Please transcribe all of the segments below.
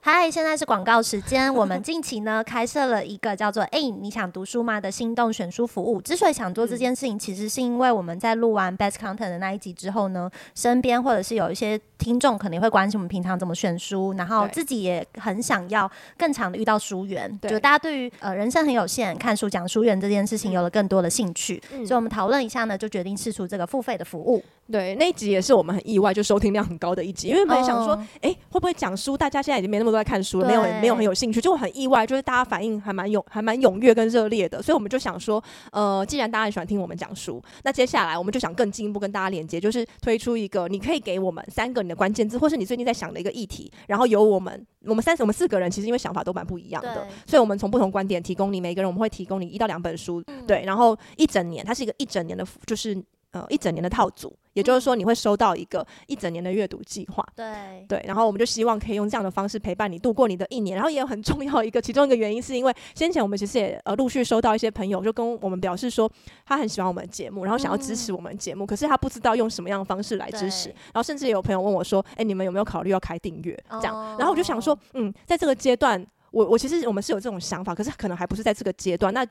嗨，Hi, 現在是廣告時間。 我們近期呢開設了一個叫做“哎、欸，你想讀書嗎”的心動選書服務，之所以想做這件事情，其實是因為我們在錄完《Best Content》的那一集之後呢，身邊或者是有一些。聽眾肯定會關心我們平常怎麼選書，然後自己也很想要更常地遇到書緣，就對大家對於呃人生很有限，看書講書緣這件事情有了更多的興趣，嗯、所以我們討論一下呢，就決定試出這個付費的服務。對，那一集也是我們很意外，就收聽量很高的一集，因為本來想說，哎、哦欸，會不會講書，大家現在已經沒那麼多在看書了，沒有對沒有很有興趣，就很意外，就是大家反應還蠻踴，還蠻踴躍跟熱烈的，所以我們就想說，呃，既然大家很喜歡聽我們講書，那接下來我們就想更進一步跟大家連接，就是推出一個，你可以給我們三個。關鍵字或是你最近在想的一個議題，然後由我們，我們三，我們四個人，其實因為想法都蠻不一樣的，對所以我們從不同觀點提供你每個人，我們會提供你一到兩本書，嗯、對，然後一整年，它是一個一整年的，就是。呃，一整年的套組，也就是說，你會收到一個一整年的閱讀計劃。對、嗯、對，然後我們就希望可以用這樣的方式陪伴你度過你的一年。然後也有很重要一個，其中一個原因是因為先前我們其實也呃陸續收到一些朋友就跟我們表示說他很喜歡我們的節目，然後想要支持我們節目，嗯、可是他不知道用什麼樣的方式來支持。對然後甚至也有朋友問我說：“哎、欸，你們有沒有考慮要開訂閱？”這樣。然後我就想說，嗯，在這個階段，我我其實我們是有這種想法，可是可能還不是在這個階段。那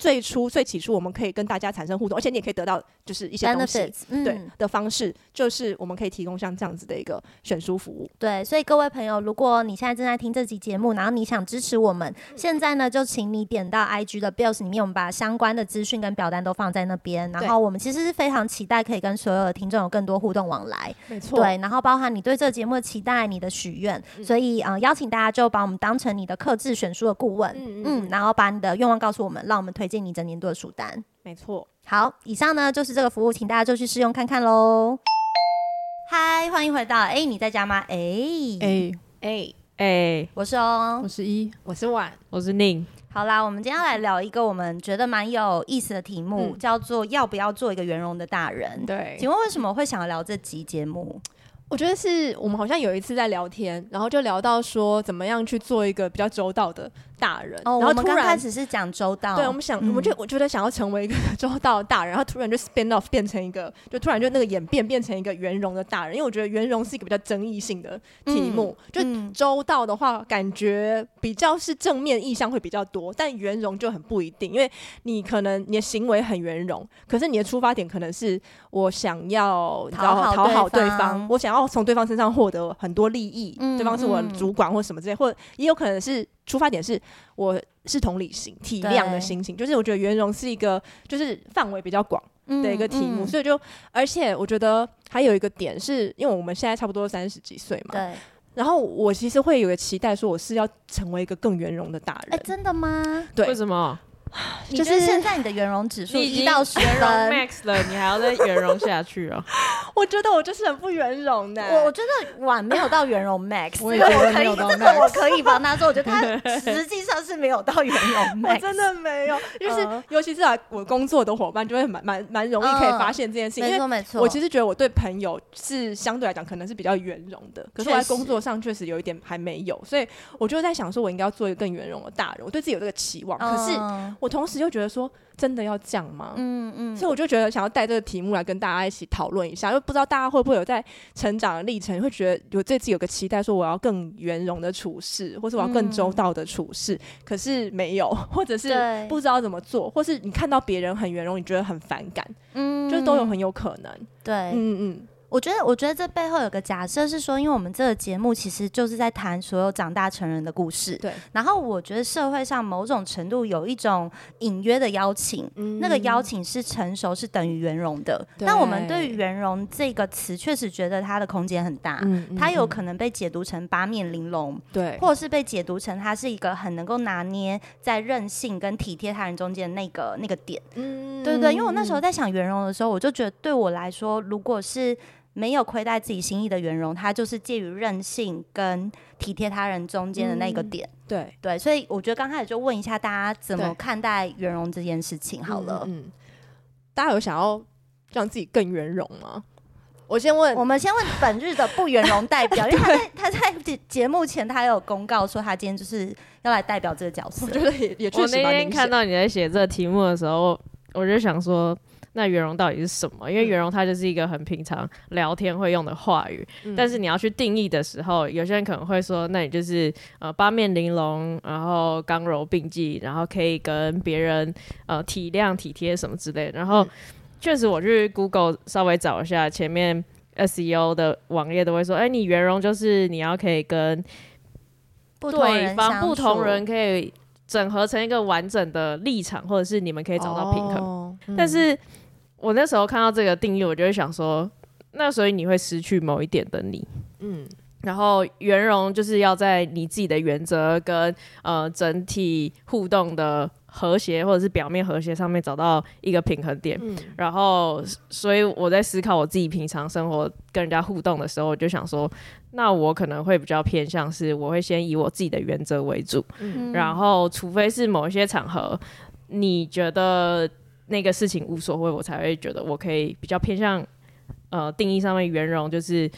最初最起初，我們可以跟大家產生互動，而且你也可以得到就是一些東西，Benefits, 嗯、對的方式，就是我們可以提供像這樣子的一個選書服務。對，所以各位朋友，如果你現在正在聽這期節目，然後你想支持我們，嗯、現在呢就請你點到 IG 的 Bios 裡面，我們把相關的資訊跟表單都放在那邊。然後我們其實是非常期待可以跟所有的聽眾有更多互動往來，沒錯錯。對，然後包含你對這個節目的期待，你的許願，嗯、所以呃邀請大家就把我們當成你的客製選書的顧問，嗯嗯，嗯，嗯，然後把你的願望告訴我們，讓我們推。建你整年度的書單，沒錯錯。好，以上呢就是這個服務，請大家就去試用看看嘍。嗨錯，Hi, 歡迎回到，哎、欸，你在家嗎？哎、欸，哎、欸，哎、欸，哎，我是哦，我是一、e，我是婉，我是寧。好啦，我們今天要來聊一個我們覺得蠻有意思的題目，嗯、叫做要不要做一個圓融的大人？對，請問為什麼我會想要聊這集節目？我覺得是我們好像有一次在聊天，然後就聊到說怎麼樣去做一個比較周到的大人，哦、然後突然開始是講周到，對，我們想，嗯、我們就我覺得想要成為一個周到的大人，然後突然就 spin off 變成一個，就突然就那個演變變成一個圓融的大人，因為我覺得圓融是一個比較爭議性的題目，嗯、就周到的話感覺比較是正面意象會比較多，但圓融就很不一定，因為你可能你的行為很圓融，可是你的出發點可能是我想要討好對方討好對方，我想要。從對方身上獲得很多利益，嗯、對方是我主管或什麼之類，嗯、或也有可能是出發點是我是同理心、體諒的心情。對就是我覺得圓融是一個，就是範圍比較廣的一個題目，嗯嗯、所以就而且我覺得還有一個點是，因為我們現在差不多三十幾歲嘛，對。然後我其實會有一個期待，說我是要成為一個更圓融的大人。哎、欸，真的嗎？對。為什麼？ 就是、就是現在你的圓融指數已經到圓融 max 了， 你還要再圓融下去啊？ 我覺得我就是很不圓融的、欸。我我覺得哇沒有到圓融 max，, max 這個我可以，這個我可以幫他做。我覺得他實際上是沒有到圓融 max， 我真的沒有。就是、uh, 尤其是我工作的夥伴就會蠻蠻蠻容易可以發現這件事情。Uh, 因為我其實覺得我對朋友是相對來講可能是比較圓融的，可是我在工作上確實有一點還沒有。所以我就在想，說我應該要做一個更圓融的大人，我對自己有這個期望。Uh, 可是我同時又覺得說。真的要講嗎？嗯嗯，嗯，所以我就覺得想要帶這個題目來跟大家一起討論一下，又不知道大家會不會有在成長的歷程，會覺得有這次有個期待，說我要更圓融的處事，或是我要更周到的處事，嗯、可是沒有，或者是不知道怎麼做，對或是你看到別人很圓融，你覺得很反感，嗯，就是都有很有可能，對，嗯嗯。我覺得，我覺得這背後有個假設是說，因為我們這個節目其實就是在談所有長大成人的故事。對。然後我覺得社會上某種程度有一種隱約的邀請，嗯，那個邀請是成熟是等於圓融的。對。但我們對於圓融這個詞，確實覺得它的空間很大，嗯嗯嗯，它有可能被解讀成八面玲瓏，對，或者是被解讀成它是一個很能夠拿捏在任性跟體貼他人中間那個那個點。嗯，對對對。因為我那時候在想圓融的時候，我就覺得對我來說，如果是沒有虧待自己心意的圓融，他就是介於任性跟體貼他人中間的那個點。嗯、對對，所以我覺得剛開始就問一下大家怎麼看待圓融這件事情好了嗯。嗯，大家有想要讓自己更圓融嗎？我先問，我們先問本日的不圓融代表， 因為他在他在節節目前他有公告說他今天就是要來代表這個角色。就是也也，也確實你我那天看到你在寫這個題目的時候，我，我就想說。那圓融到底是什麼？因為圓融它就是一個很平常聊天會用的話語，嗯、但是你要去定義的時候，有些人可能會說，那你就是呃八面玲瓏，然後剛柔並濟，然後可以跟別人呃體諒體貼什麼之類的。然後嗯、確實，我去 Google 稍微找一下前面 SEO 的網頁都會說，哎、欸，你圓融就是你要可以跟對方不同，不同人可以整合成一個完整的立場，或者是你們可以找到平衡，哦嗯、但是。我那時候看到這個定義，我就會想說，那所以你會失去某一點的你，嗯，然後圓融就是要在你自己的原則跟呃整體互動的和諧或者是表面和諧上面找到一個平衡點，嗯、然後所以我在思考我自己平常生活跟人家互動的時候，我就想說，那我可能會比較偏向是我會先以我自己的原則為主，嗯、然後除非是某一些場合，你覺得。那個事情無所謂，我才會覺得我可以比較偏向，呃，定義上面圓融，就是，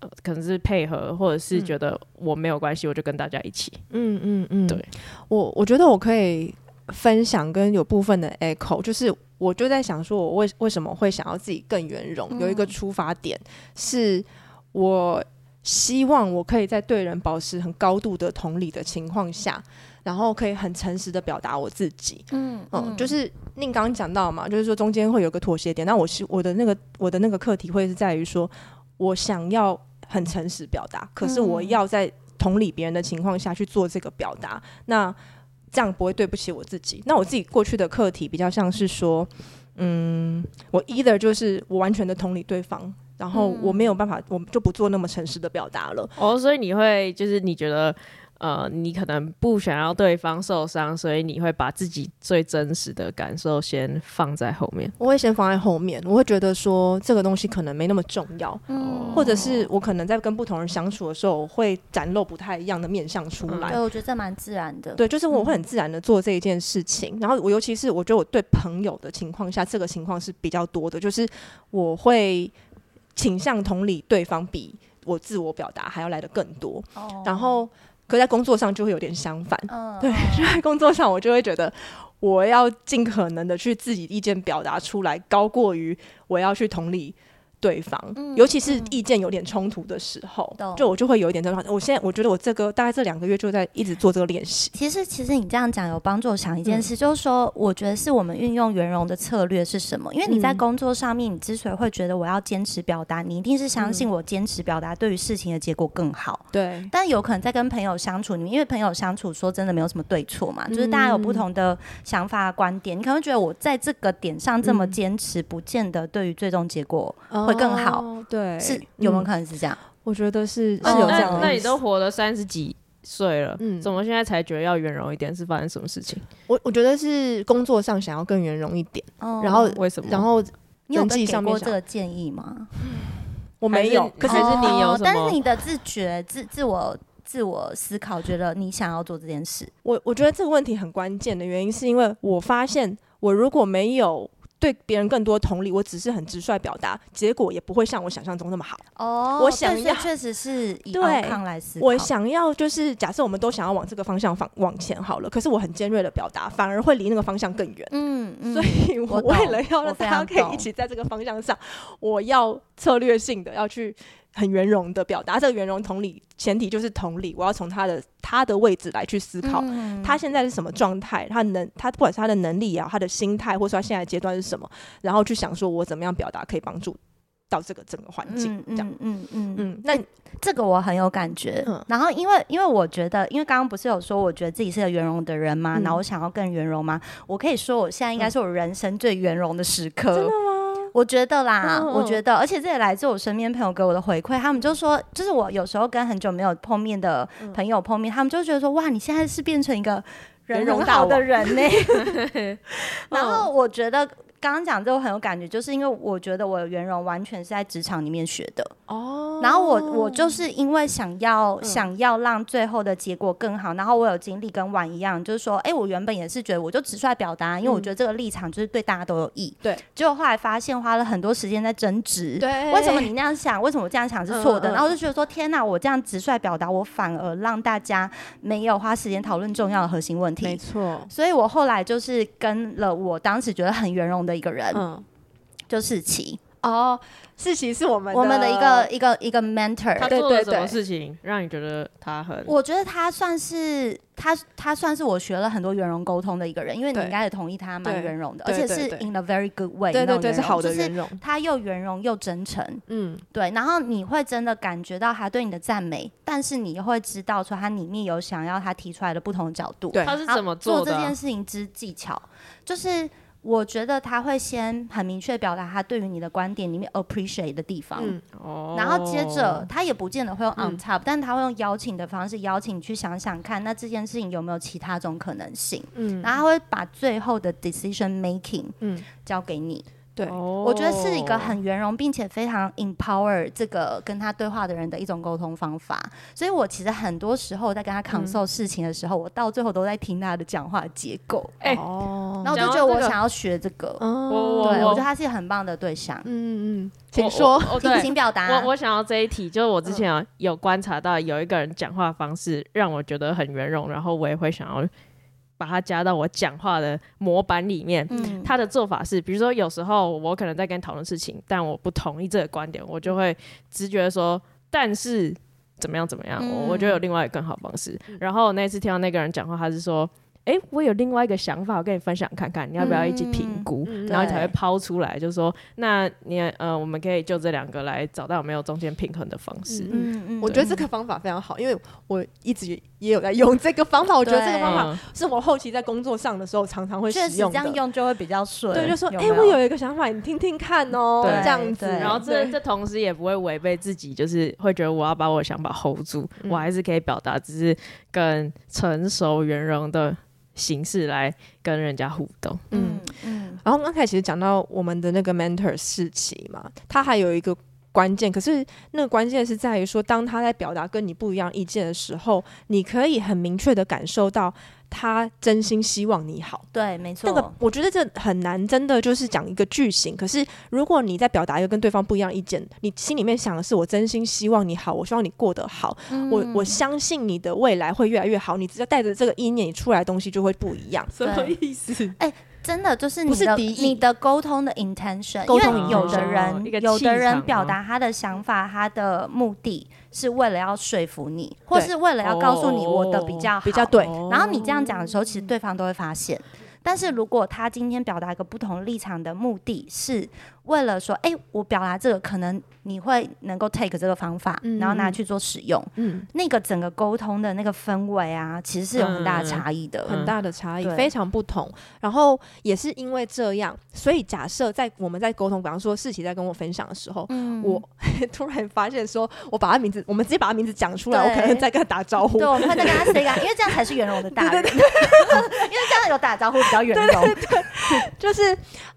呃，可能是配合，或者是覺得我沒有關係，我就跟大家一起。嗯嗯嗯，嗯嗯對，我我覺得我可以分享跟有部分的 echo，就是我就在想說，我為為什麼會想要自己更圓融，嗯，有一個出發點是我。希望我可以在對人保持很高度的同理的情況下，然後可以很誠實的表達我自己。嗯，嗯，就是您剛剛講到嘛，就是說中間會有個妥協點。那我是我的那個我的那個課題會是在於說，我想要很誠實表達，可是我要在同理別人的情況下去做這個表達。嗯。那這樣不會對不起我自己。那我自己過去的課題比較像是說，嗯，我 either 就是我完全的同理對方。然後我沒有辦法，嗯、我們就不做那麼誠實的表達了。哦，所以你會，就是你覺得，呃，你可能不想要對方受傷，所以你會把自己最真實的感受先放在後面。我會先放在後面，我會覺得說，這個東西可能沒那麼重要，嗯、或者是我可能在跟不同人相處的時候，我會展露不太一樣的面相出來。嗯、對，我覺得這蠻自然的。對，就是我會很自然的做這一件事情。嗯、然後我尤其是我覺得我對朋友的情況下，這個情況是比較多的，就是我會。傾向同理對方，比我自我表達還要來得更多。Oh. 然後，可在工作上就會有點相反。Oh. 對，就在工作上，我就會覺得我要盡可能的去自己意見表達出來，高過於我要去同理。對方，尤其是意見有點衝突的時候，嗯、就我就會有一點這種。嗯、我現在我覺得我這個大概這兩個月就在一直做這個練習。其實，其實你這樣講有幫助。我想一件事，嗯、就是說，我覺得是我們運用圓融的策略是什麼？因為你在工作上面，你之所以會覺得我要堅持表達，你一定是相信我堅持表達對於事情的結果更好。對、嗯。但有可能在跟朋友相處，你們因為朋友相處，說真的沒有什麼對錯嘛，嗯、就是大家有不同的想法觀點，你可能覺得我在這個點上這麼堅持，嗯、不見得對於最終結果。會更好，對，是有沒有可能是這樣？我覺得是是有這樣。那你都活了三十幾歲了，嗯，怎麼現在才覺得要圓融一點？是發生什麼事情？我我覺得是工作上想要更圓融一點，然後為什麼？然後你自己上面想你有這個建議嗎？我沒有，可是你有，但是你的自覺、自自我、自我思考，覺得你想要做這件事。我我覺得這個問題很關鍵的原因，是因為我發現我如果沒有。對別人更多同理，我只是很直率表達，結果也不會像我想象中那麼好。哦，我想要確實是對我想要就是假設我們都想要往這個方向放往前好了，可是我很尖銳的表達，反而會離那個方向更遠。嗯嗯，所以我為了要讓大家可以一起在這個方向上，我，我要策略性的要去。很圓融的表達，這個圓融同理，前提就是同理，我要從他的他的位置來去思考，他現在是什麼狀態，他能他不管是他的能力也好，他的心態，或者說他現在階段是什麼，然後去想說我怎麼樣表達可以幫助到這個整個環境，這樣，嗯嗯嗯，那這個我很有感覺。然後因為因為我覺得，因為剛剛不是有說我覺得自己是個圓融的人嗎？然後我想要更圓融嗎？我可以說我現在應該是我人生最圓融的時刻，真的嗎？我覺得啦，oh. 我覺得，而且這也來自我身邊朋友給我的回饋。他們就說，就是我有時候跟很久沒有碰面的朋友碰面，嗯、他們就覺得說，哇，你現在是變成一個圓融的大人呢。然後我覺得剛剛講這個很有感覺，就是因為我覺得我圓融完全是在職場裡面學的。哦，oh, 然後我我就是因為想要、嗯、想要讓最後的結果更好，然後我有經歷跟婉一樣，就是說，哎、欸，我原本也是覺得我就直率表達，因為我覺得這個立場就是對大家都有益。對、嗯，結果後來發現花了很多時間在爭執，對，為什麼你那樣想？為什麼我這樣想是錯的？嗯、然後我就覺得說，天吶、啊，我這樣直率表達，我反而讓大家沒有花時間討論重要的核心問題。嗯、沒錯，所以我後來就是跟了我當時覺得很圓融的一個人，嗯、就是其。哦，事情、oh, 是，是我們的我們的一個一個一個 mentor，他做了什麼事情，對對對，讓你覺得他很？我覺得他算是他他算是我學了很多圓融溝通的一個人，因為你應該也同意他蠻圓融的，對而且是 in a very good way，對對對，是好的圓融。就是他又圓融又真誠，嗯，對。然後你會真的感覺到他對你的讚美，但是你又會知道說他裡面有想要他提出來的不同的角度。對他是怎麼做的做這件事情之技巧？就是。我覺得他會先很明確表達他對於你的觀點裡面 appreciate 的地方，嗯哦、然後接着他也不見得會用 on top，、嗯、但他會用邀請的方式邀請你去想想看，那這件事情有沒有其他種可能性，嗯，然後他會把最後的 decision making 交給你，嗯、對，哦、我覺得是一個很圓融並且非常 empower 這個跟他對話的人的一種溝通方法，所以我其實很多時候在跟他抗 o 事情的時候，嗯、我到最後都在聽他的講話的結構，哎、欸哦然後我就覺得我想要學這個，哦、對我我，我覺得他是很棒的對象。嗯嗯，請說，請、哦哦、表達。我我想要這一題，就是我之前、啊、有觀察到有一個人講話方式讓我覺得很圓融，然後我也會想要把他加到我講話的模板裡面。嗯、他的做法是，比如說有時候我可能在跟你討論事情，但我不同意這個觀點，我就會直覺說，但是怎麼樣怎麼樣，嗯、我覺得有另外一個更好方式。然後那次聽到那個人講話，他是說。哎，我有另外一個想法，我跟你分享看看，你要不要一起評估，然後才會拋出來，就說，那你，呃，我們可以就這兩個來找到有沒有中間平衡的方式。嗯嗯，我覺得這個方法非常好，因為我一直也有在用這個方法。我覺得這個方法是我後期在工作上的時候常常會使用，這樣用就會比較順。對，就說，哎，我有一個想法，你聽聽看哦，這樣子，然後這這同時也不會違背自己，就是會覺得我要把我的想法 hold 住，我還是可以表達，只是更成熟圓融的形式，來跟人家互動。嗯，嗯嗯，然後剛才其實講到我們的那個 mentor 世奇嘛，他還有一個關鍵，可是那個關鍵是在於說，當他在表達跟你不一樣意見的時候，你可以很明確的感受到他真心希望你好。對，沒錯。那個我覺得這很難，真的就是講一個句型。可是如果你在表達一個跟對方不一樣意見，你心裡面想的是我真心希望你好，我希望你過得好，嗯、我我相信你的未來會越來越好。你只要帶着這個意念，你出來的東西就會不一樣。對什麼意思？欸真的就是你的是你的溝通的 intention，< 溝通 S 1> 因為有的人、啊、有的人表達他的想法，啊、他的目的是為了要說服你，對或是為了要告訴你我的比較好。哦、比較對，然後你這樣講的時候，其實對方都會發現。哦、但是如果他今天表達一個不同立場的目的是為了說，哎，我表達這個可能你會能夠 take 這個方法，然後拿去做使用。嗯，那個整個溝通的那個氛圍啊，其實是有很大的差異的，很大的差異，非常不同。然後也是因為這樣，所以假設在我們在溝通，比方說世奇在跟我分享的時候，我突然發現，說我把他名字，我們直接把他名字講出來，我可能在跟他打招呼。對，我們會跟他 say 一個，因為這樣才是圓融的，大人。因為這樣有打招呼比較圓融。對。就是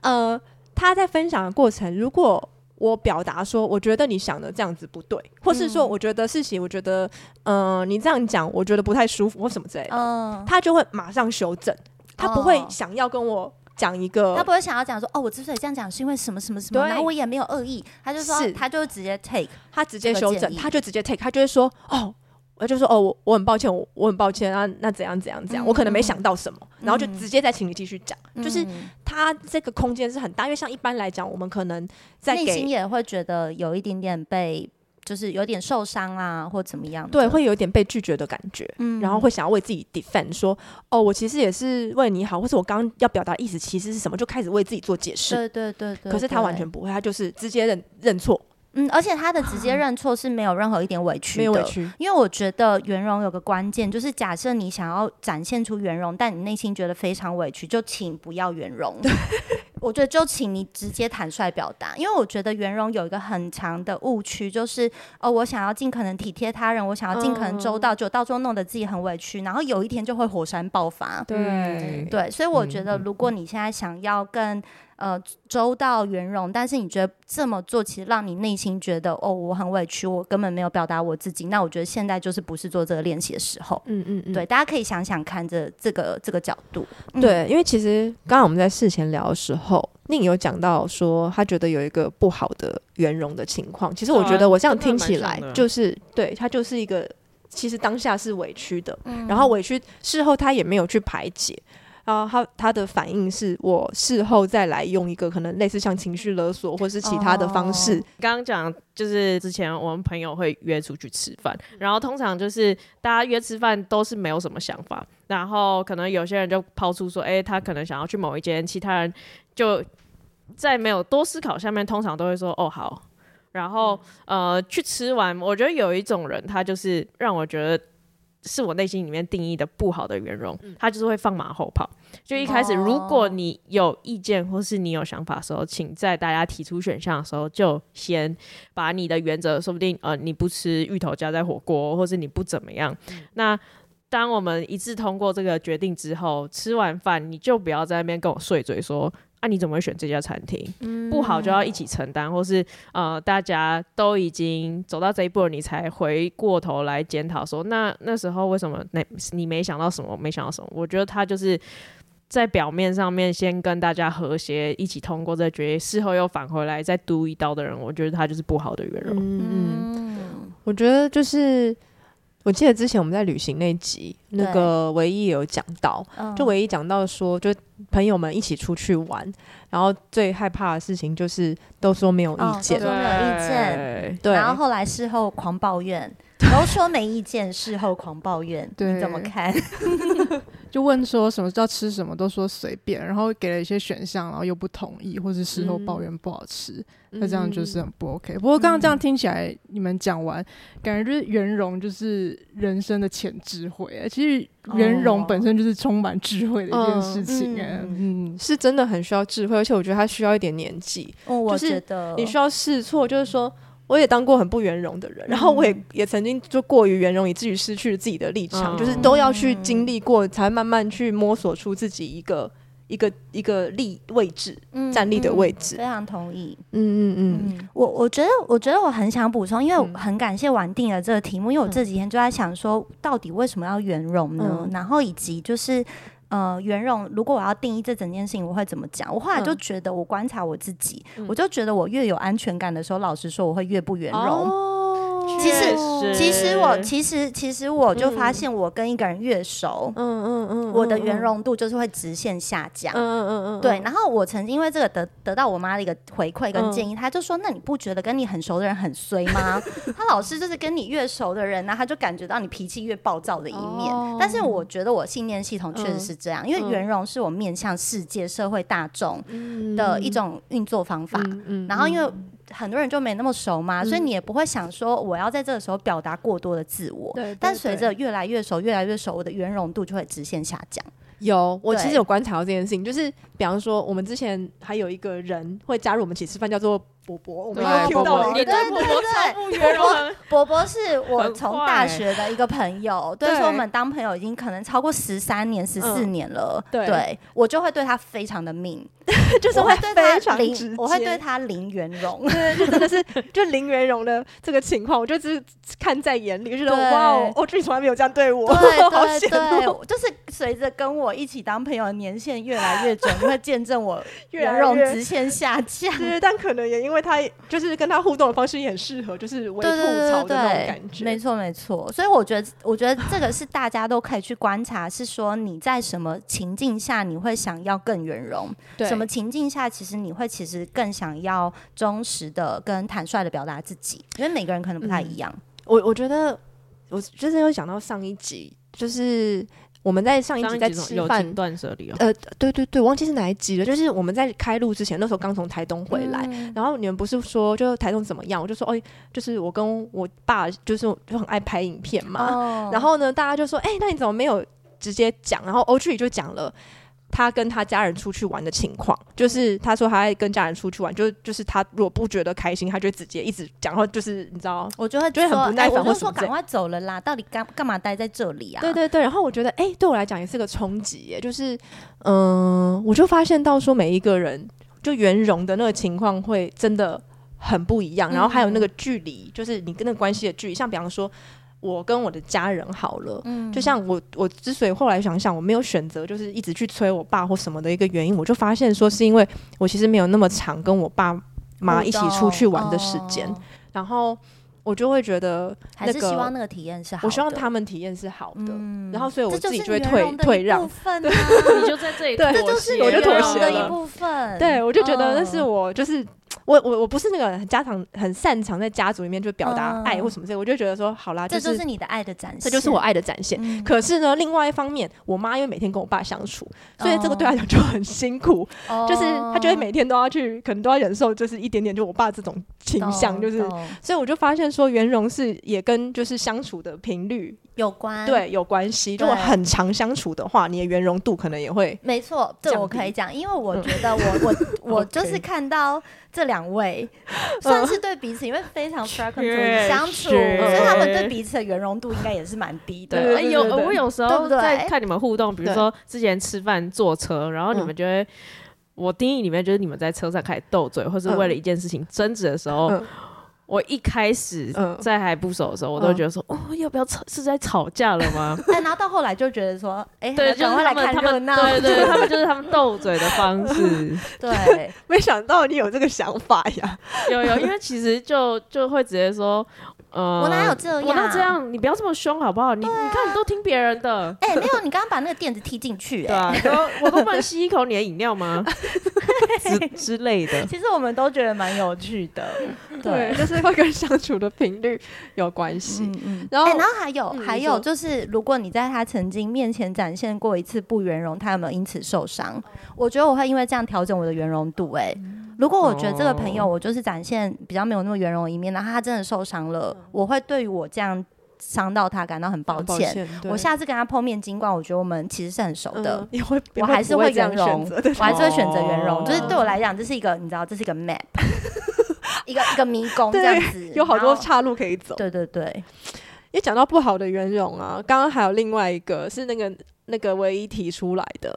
呃。他在分享的過程，如果我表達說我覺得你想的這樣子不對，或是說我覺得事情，嗯，我覺得，嗯、呃，你這樣講，我覺得不太舒服，或什麼之類的，嗯、他就會馬上修正，他不會想要跟我講一個、哦，他不會想要講說，哦，我之所以這樣講是因為什麼什麼什麼，對然後我也沒有惡意，他就說，是他就直接 take，他直接修正，他就直接 take，他就會說，哦。我就是說哦，我我很抱歉，我，我很抱歉啊，那怎樣怎樣怎樣，我可能沒想到什麼，嗯、然後就直接再請你繼續講。嗯、就是他這個空間是很大，因為像一般來講，我們可能內心也會覺得有一點點被，就是有點受傷啊，或怎麼樣。對，會有點被拒絕的感覺，嗯、然後會想要為自己 defend，說哦，我其實也是為你好，或是我剛要表達意思其實是什麼，就開始為自己做解釋。對對對，對，對對對。可是他完全不會，他就是直接認認錯。嗯，而且他的直接認錯是沒有任何一點委屈的。因為我覺得圓融有個關鍵，就是假設你想要展現出圓融，但你內心覺得非常委屈，就請不要圓融。對， 我覺得就請你直接坦率表達，因為我覺得圓融有一個很強的誤區，就是哦，我想要盡可能體貼他人，我想要盡可能周到，嗯、就到時候弄得自己很委屈，然後有一天就會火山爆發。對對，所以我覺得如果你現在想要更。呃，周到圓融，但是你覺得這麼做，其實讓你內心覺得，哦，我很委屈，我根本沒有表達我自己。那我覺得現在就是不是做這個練習的時候。嗯嗯，嗯對，大家可以想想看這這個這個角度。嗯、對，因為其實剛剛我們在事前聊的時候，你、嗯、有講到說他覺得有一個不好的圓融的情況。其實我覺得我這樣聽起來，就是對他就是一個，其實當下是委屈的，嗯、然後委屈事後他也沒有去排解。啊，uh, 他他的反應是我事後再來用一個可能類似像情緒勒索或是其他的方式。剛、oh. 剛講就是之前我們朋友會約出去吃飯，嗯、然後通常就是大家約吃飯都是沒有什麼想法，然後可能有些人就拋出說，誒、欸，他可能想要去某一間，其他人就在沒有多思考下面，通常都會說，哦，好。然後、嗯、呃，去吃完，我覺得有一種人，他就是讓我覺得。是我內心裡面定義的不好的圓融，他就是會放馬後炮。嗯、就一開始，如果你有意見或是你有想法的時候，請在大家提出選項的時候，就先把你的原則，說不定呃，你不吃芋頭加在火鍋，或是你不怎麼樣。嗯、那當我們一致通過這個決定之後，吃完飯你就不要在那邊跟我碎嘴說。啊，你怎麼會選這家餐廳？嗯、不好就要一起承擔，或是呃，大家都已經走到這一步了，你才回過頭來檢討說，那那時候為什麼那你沒想到什麼？沒想到什麼？我覺得他就是在表面上面先跟大家和諧一起通過，這決議，事後又返回來再捅一刀的人，我覺得他就是不好的圓融。嗯，我覺得就是。我記得之前我們在旅行那集，那個唯一有講到，對就唯一講到說，嗯、就朋友們一起出去玩，然後最害怕的事情就是都說沒有意見，哦、都說沒有意見，對然後後來事後狂抱怨。都說 沒意見，事後狂抱怨，對你怎麼看？ 就問說什麼叫吃什麼，都說隨便，然後給了一些選項，然後又不同意，或是事後抱怨不好吃，那、嗯、這樣就是很不 OK。嗯、不過剛剛這樣聽起來，你們講完，嗯、感覺就是圓融，就是人生的潛智慧、欸。其實圓融本身就是充滿智慧的一件事情、欸。哦、嗯，嗯是真的很需要智慧，而且我覺得它需要一點年紀。哦，我覺得你需要試錯，就是說。我也當過很不圓融的人，然後我也、嗯、也曾經就過於圓融，以至於失去了自己的立場，嗯、就是都要去經歷過，才慢慢去摸索出自己一個一個一個立位置、嗯、站立的位置。嗯、非常同意。嗯嗯嗯，嗯嗯我我覺得我覺得我很想補充，因為很感謝玩定了這個題目，因為我這幾天就在想說，到底為什麼要圓融呢？嗯、然後以及就是。呃，圓融。如果我要定義這整件事情，我會怎麼講？我後來就覺得，我觀察我自己，嗯、我就覺得我越有安全感的時候，老實說，我會越不圓融。哦。確實其實，其實我，其實，其實我就發現，我跟一個人越熟，嗯嗯嗯，嗯嗯嗯嗯嗯嗯我的圓融度就是會直線下降，嗯嗯嗯嗯、對。然後我曾經因為這個得得到我媽的一個回饋跟建議，她就說：“嗯、那你不覺得跟你很熟的人很衰嗎？” 她老是就是跟你越熟的人呢、啊，她就感覺到你脾氣越暴躁的一面。嗯、但是我覺得我信念系統確實是這樣，嗯、因為圓融是我面向世界社會大眾的一種運作方法。嗯嗯嗯、然後因為。很多人就沒那麼熟嘛，所以你也不會想說我要在這個時候表達過多的自我。嗯、對對對，但隨着越來越熟，越來越熟，我的圓融度就會直線下降。有，我其實有觀察到這件事情，對就是比方說，我們之前還有一個人會加入我們一起吃飯，叫做。伯伯，我們又聽到了一個，對對對，伯伯伯伯是我從大學的一個朋友，對，說我們當朋友已經可能超過十三年、十四年了。對，我就會對他非常的 mean，就是會對他零，我會對他零圓融，就真的是就零圓融的這個情況，我就只看在眼裡，就覺得哇，哦，我居然從來沒有這樣對我，好顯就是隨着跟我一起當朋友的年限越來越久，會見證我圓融直線下降。對，但可能也因為。他就是跟他互動的方式也很適合，就是微吐槽的那種感覺。沒錯，沒錯。所以我覺得，我覺得這個是大家都可以去觀察， 是說你在什麼情境下你會想要更圓融，對什麼情境下其實你會其實更想要忠實的、跟坦率的表達自己。因為每個人可能不太一樣。嗯、我我覺得，我就是又講到上一集，就是。我們在上一集在吃飯，斷舍離。呃，對對對，忘記是哪一集了。就是我們在開錄之前，那時候剛從台東回來，嗯、然後你們不是說就是台東怎麼樣？我就說，哎、哦，就是我跟我爸就是就很愛拍影片嘛。哦、然後呢，大家就說，哎、欸，那你怎麼沒有直接講？然後歐劇就講了。他跟他家人出去玩的情況，嗯、就是他說他跟家人出去玩，嗯、就是、就是他如果不覺得開心，他就會直接一直講話，就是你知道，我覺得他覺得很不耐煩，我、欸、說趕快走了啦，到底幹幹嘛待在這裡啊？對對對，然後我覺得哎、欸，對我來講也是個衝擊耶，就是嗯、呃，我就發現到說每一個人就圓融的那個情況會真的很不一樣，嗯、然後還有那個距離，就是你跟那個關係的距離，像比方說，我跟我的家人好了，嗯、就像我我之所以後來想想我沒有選擇，就是一直去催我爸或什麼的一個原因，我就發現說是因為我其實沒有那麼長跟我爸媽一起出去玩的時間，嗯嗯嗯嗯、然後我就會覺得、那個、還是希望那個體驗是，我希望他們體驗是好的，嗯、然後所以我自己就會退就、啊、退讓， 你就在這裡妥協 對就妥協了一部分，我部分對我就覺得那是我就是、嗯。我我我不是那個很家常很擅長在家族裡面就表達愛或什麼這個，我就覺得說好啦，這就是你的愛的展現，這就是我愛的展現。可是呢，另外一方面，我媽因為每天跟我爸相處，所以這個對她來講就很辛苦，就是她就會每天都要去，可能都要忍受，就是一點點就我爸這種傾向，就是所以我就發現說，圓融是也跟就是相處的頻率有關，對，有關係。如果很常相處的話，你的圓融度可能也會。沒錯，這我可以講，因為我覺得我我我就是看到。這兩位、嗯、算是對彼此因為非常 frequent 相處，實所以他們對彼此的圓融度應該也是蠻低的。有我有時候在看你們互動，比如說之前吃飯坐車，然後你們就會、嗯、我定義裡面就是你們在車上開始鬥嘴，或是為了一件事情爭執的時候。嗯嗯我一開始在還不熟的時候，嗯、我都覺得說，嗯、哦，要不要吵？是在吵架了嗎？哎、 欸，然後到後來就覺得說，哎、欸，對，就來看他們，對，對對， 他們就是他們鬥嘴的方式， 對， 沒想到你有這個想法呀， 有有，因為其實就就會直接說。我哪有這樣？我哪有這樣？你不要這麼凶好不好？你你看，你都聽別人的。哎，沒有，你剛剛把那個墊子踢進去。對，我都不能吸一口你的飲料嗎？之類的。其實我們都覺得蠻有趣的，對，就是會跟相處的頻率有關係。嗯，然後，然後還有還有，就是如果你在他曾經面前展現過一次不圓融，他有沒有因此受傷？我覺得我會因為這樣調整我的圓融度。哎。如果我覺得這個朋友，我就是展現比較沒有那麼圓融的一面，然後他真的受傷了，我會對於我這樣傷到他感到很抱歉。我下次跟他碰面，儘管我覺得我們其實是很熟的，我會我還是會圓融，我還是會選擇圓融。就是對我來講，這是一個你知道，這是一個 map，一個一個迷宮，這樣子有好多岔路可以走。對對對，也講到不好的圓融啊，剛剛還有另外一個是那個那個唯一提出來的，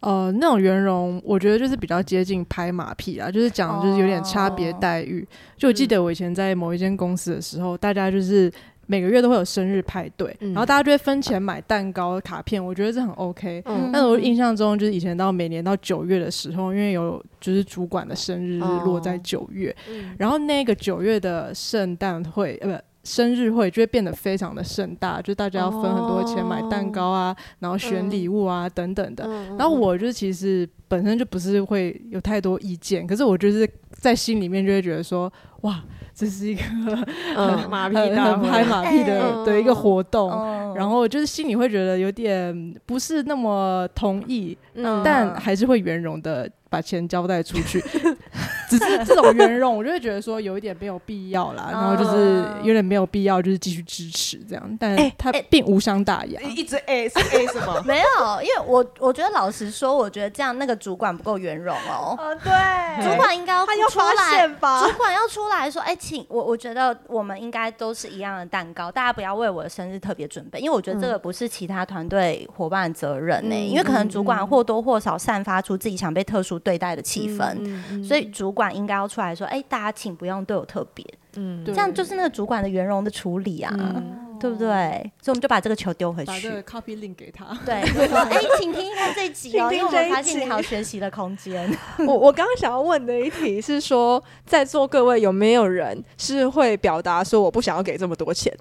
呃，那種圓融，我覺得就是比較接近拍馬屁啦，就是講就是有點差別待遇。哦、就我記得我以前在某一間公司的時候，嗯、大家就是每個月都會有生日派對，嗯、然後大家就會分錢買蛋糕、卡片，嗯、我覺得這很 OK、嗯。但我印象中就是以前到每年到九月的時候，因為有就是主管的生日落在九月，嗯、然後那個九月的聖誕會，呃不。生日會就會變得非常的盛大，就大家要分很多錢買蛋糕啊，哦、然後選禮物啊、嗯、等等的。嗯、然後我就是其實本身就不是會有太多意見，可是我就是在心裡面就會覺得說，哇，這是一個很、嗯嗯、馬屁、嗯、很拍馬屁的、嗯、的一個活動，嗯、然後就是心裡會覺得有點不是那麼同意，嗯、但還是會圓融的。把錢交代出去， 只是這種圓融，我就會覺得說有一點沒有必要啦。 然後就是有點沒有必要，就是繼續支持這樣。啊、但他並無傷大雅。一直 A 是 A 什麼？ 沒有，因為我我覺得老實說，我覺得這樣那個主管不夠圓融哦、喔啊。對，主管應該要出來他要發現吧？主管要出來說：“哎、欸，請我。”我覺得我們應該都是一樣的蛋糕，大家不要為我的生日特別準備，因為我覺得這個不是其他團隊夥伴的責任呢、欸。嗯、因為可能主管或多或少散發出自己想被特殊對待的氣氛，嗯嗯、所以主管應該要出來說：“哎、欸，大家請不用對我特別。”嗯，這樣就是那個主管的圓融的處理啊，嗯、對不對？所以我們就把這個球丟回去，把這個 copy link 給他。對，哎、 欸，請聽一下這集哦，集因為我們發現你好學習的空間。 我我剛剛想要問的一題是說，在座各位有沒有人是會表達說我不想要給這麼多錢？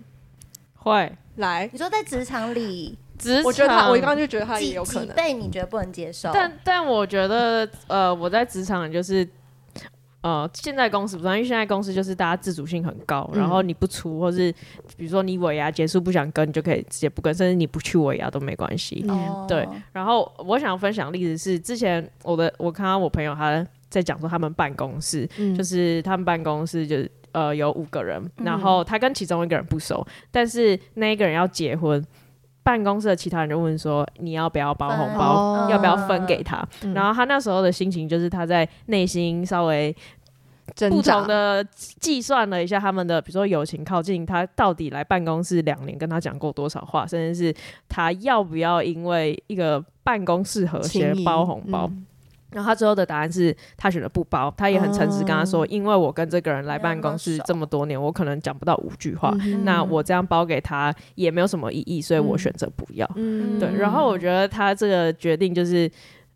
會來？你說在職場裡。職職場，我一剛就覺得他也有可能你覺得不能接受？但但我覺得，呃，我在職場就是，呃，現在公司不算，因為現在公司就是大家自主性很高，然後你不出，或是比如說你尾牙結束不想跟，你就可以直接不跟，甚至你不去尾牙都沒關係。嗯、對。然後我想分享的例子是，之前我的我看到我朋友他在講說，他們辦公室就是他們辦公室就是呃有五個人，然後他跟其中一個人不熟，但是那一個人要結婚。辦公室的其他人就問說：“你要不要包紅包？哦、要不要分給他？”嗯、然後他那時候的心情就是他在內心稍微，不同的計算了一下他們的，比如說友情靠近，他到底來辦公室兩年跟他講過多少話，甚至是他要不要因為一個辦公室和諧包紅包。然後他最後的答案是他選擇不包，他也很誠實跟他說，因為我跟這個人來辦公室這麼多年，我可能講不到五句話，嗯、哼那我這樣包給他也沒有什麼意義，所以我選擇不要。嗯、對，然後我覺得他這個決定就是，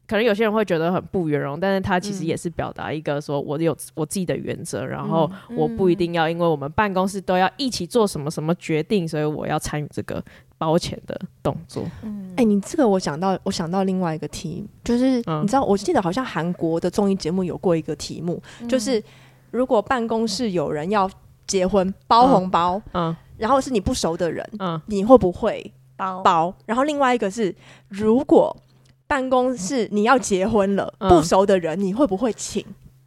可能有些人會覺得很不圓融，但是他其實也是表達一個說我有我自己的原則，然後我不一定要因為我們辦公室都要一起做什麼什麼決定，所以我要參與這個。包錢的動作，嗯，哎、欸，你這個我想到，我想到另外一個題目，就是，嗯、你知道，我記得好像韓國的綜藝節目有過一個題目，嗯、就是如果辦公室有人要結婚包紅包，嗯，嗯然後是你不熟的人，嗯，你會不會包？包？然後另外一個是，如果辦公室你要結婚了，嗯、不熟的人你會不會請？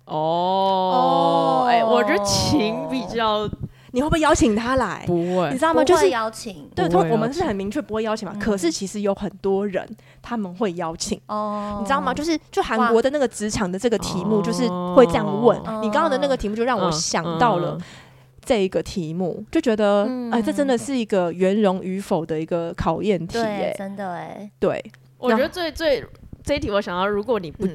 哦，哎、哦欸，我覺得請比較。你會不會邀請他來？不會，你知道嗎？就是邀請，對，我們是很明確不會邀請嘛。可是其實有很多人他們會邀請哦，你知道嗎？就是就韓國的那個職場的這個題目，就是會這樣問。你剛剛的那個題目就讓我想到了這一個題目，就覺得哎，這真的是一個圓融與否的一個考驗題，哎，真的哎，對。我覺得最最這一題，我想到如果你不